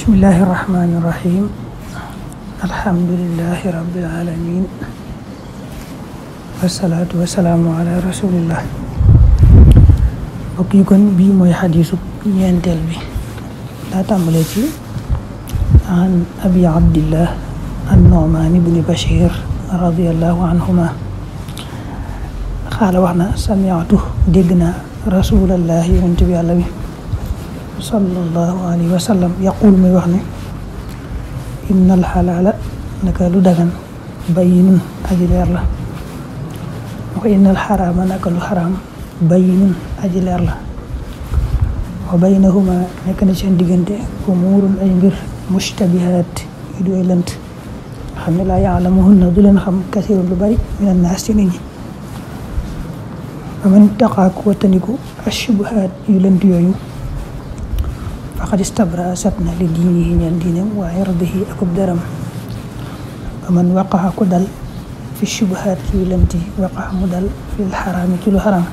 بسم الله الرحمن الرحيم الحمد لله رب العالمين والصلاة والسلام على رسول الله بقي كن بي موي حديث ينتل بي لا تملتي عن أبي عبد الله النعمان بن بشير رضي الله عنهما قال وحنا سمعته دقنا رسول الله ينتبه الله sallallahu alayhi wa sallam yaqul muy wax ne inna alxalaala naka lu dagan bayinun aji leer la wa inna alxaraama naka lu xaraam bayinun aji leer la wa baynahuma nekk na seen diggante umuurun ay mbir mushtabihaat yu du ay lënt xam ne laa yaalamuhunna du leen xam kasirun lu bari min annaas ci nit ñi faman taqaaku wattandiku ashubuhaat yu lënt yooyu فقد استبرأ سبنا لدينه دينهم وعرضه أكب درم ومن وقع كدل في الشبهات يلمتي وقع مدل في الحرام كل حرام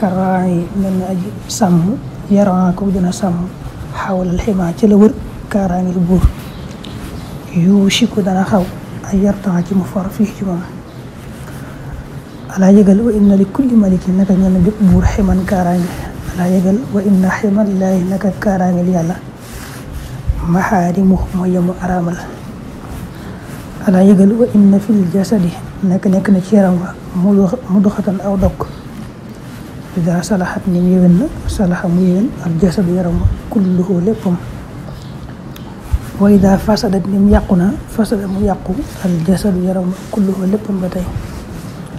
كراعي من أجل سم يرعى كودنا سم حول الحماة لور كراعي البور يوشي كودنا خو أن يرتع مفار فيه جمع على يقل وإن لكل ملك نكن بور حمان كراعي laa yëgal wa inna ximallaahi naka kaaraangeel yàlla maxaarimu mooy yamu araamal alaa yëgal wa inna fil jasadi nekk nekk na ci yaram wa mu doxatan aw dog ida salaxat ni yéwén na salaxa mu yéwén al jasadu yaram wa kulluhu léppam wa ida fasadat ni mu yàqu na fasada mu yàqu al jasadu yaram wa kulluhu léppam ba tey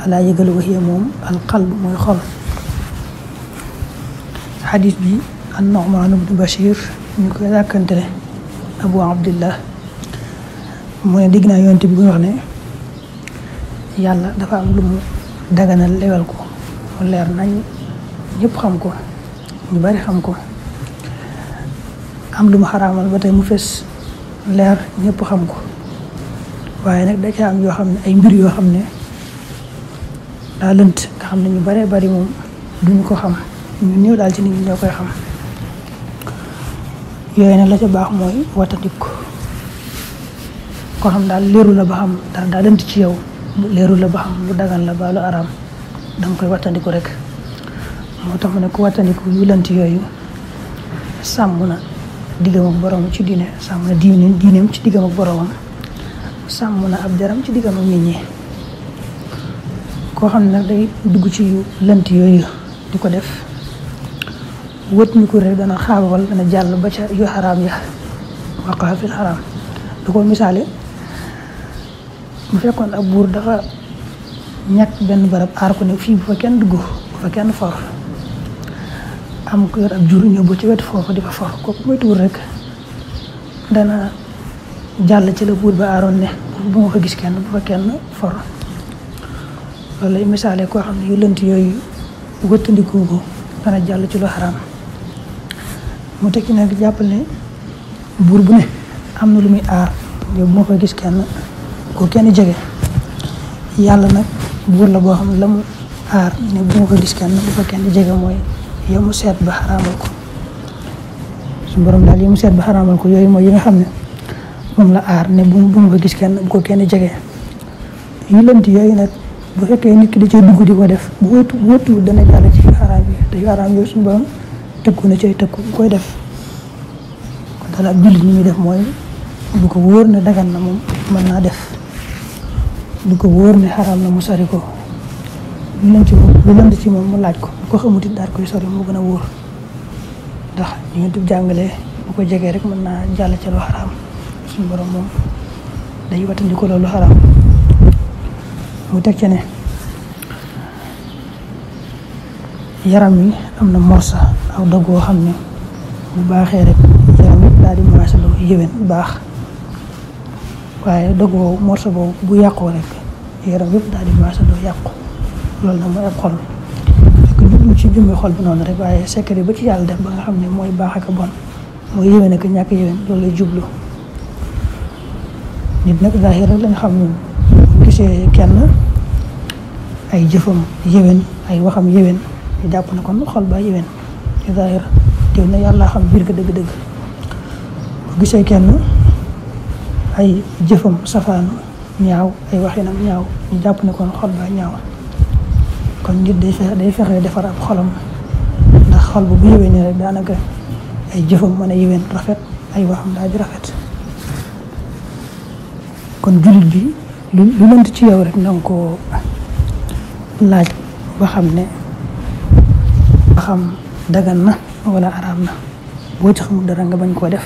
alaa yëgal wa hiya moom al qalb mooy xol xadis bi an Nu'man ibnu Bachir ñu koy dàkkantele Abu Abdillah mu ne dégg naa yonent bi wax ne yàlla dafa am lu mu daganal lewel ko mu leer nañ ñëpp xam ko ñu bari xam ko am lu mu xaraamal ba tey mu fees leer ñëpp xam ko waaye nag da ca am yoo xam ne ay mbir yoo xam ne daa lënt nga xam ne ñu baree bari moom duñu ko xam ñu néew daal ci nit ñi ñoo koy xam yooyu ya, nag la ca baax mooy eh, watandiku ko xam daal leeru la ba xam dara daa dem ci yow leeru la ba xam lu dagan la baalu aram da nga koy watandiku rek moo tax mu ne ku watandiku yulant yooyu eh. sàmm na diggam ak borom ci diine eh. sàmm na diine diineem ci diggam ak boromam sàmm na ab jaram ci diggam ak nit ñi koo xam ne day dugg ci yu lënt yooyu def wët ñu ko rek dana xaababal dana jàll ba ca yu xaraam ya waqaa fil xaraam du ko misaale bu fekkoon ab buur dafa ñàkk benn barab aar ko ne fii bu fa kenn dugg bu fa kenn for am ko yor ab ci wetu foofu di fa dana jàll ci la buur bu ma gis kenn kenn for lay misaale koo xam ne yu lënt yooyu wëttandiku ko dana jàll ci lu xaraam mu teg ci nag jàppal ne bur bu ne amna na lu muy aar yow moo koy gis kenn ko kenn jégué yalla nak bur la bo xam ne ar ne bu ma ko gis kenn bu ko kenn jégué moy yow mu seet ba haramal ko su borom dal yow mu seet ba haramal ko yoy mooy yi nga xam ne moom la ar ne bu bu ma ko gis kenn bu ko kenn jégué yi lent yoy nak bu fekkee nit ki da cee dugg di ko def bu wëtu wëtu dana jàll ci haram yi te yu xaraam suñu borom tëkku na ci ay koy def kon daal ab ni mi def moy bu ko wóor ne dagan na mom man na def bu ko wóor ne haram na musari ko lu lënd ci moom lan ci mom mu laaj ko ko xamuti dar daal koy sori mo gëna a ndax ñu ngi jangale bu ko jégué rek man na jall ci lu haram suñu borom mom day watandi ko loolu haram mu tek ci ne yaram wi amna morsa aw dog woo xam ne bu baaxee rek yaram yëpp daal di marché baax waaye dog woowu morso boobu bu yàqoo rek yaram yëpp daal di marché loo yàqu loolu nag mooy ab xol fekk ñu ci jumbe xol bi noonu rek waaye secret ci yàlla def ba nga xam ne mooy baax ak bon mooy yëwén ñàkk yëwén loolu lay jublu nit nag zaahir rek lañ xam kenn ay jëfam yëwén ay waxam yëwén ñu jàpp na kon xol ba yëwén ظاهر ديو نا يالا خام بيرك دغ دغ غيسي كين اي جيفم صفان نياو اي واخينا نياو ني جاب نكون خول با نياو كون نيت دي فخ دي فخ ديفار اب خولم دا خول بو بيوي ني رك دانا اي جيفم مانا يوين رافيت اي واخ دا دي رافيت كون جوليت بي لو نانت تي ياو رك نانكو لاج با خامني با خام dagan na wala araam na boo ci xamul dara nga bañ koo def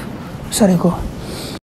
sori ko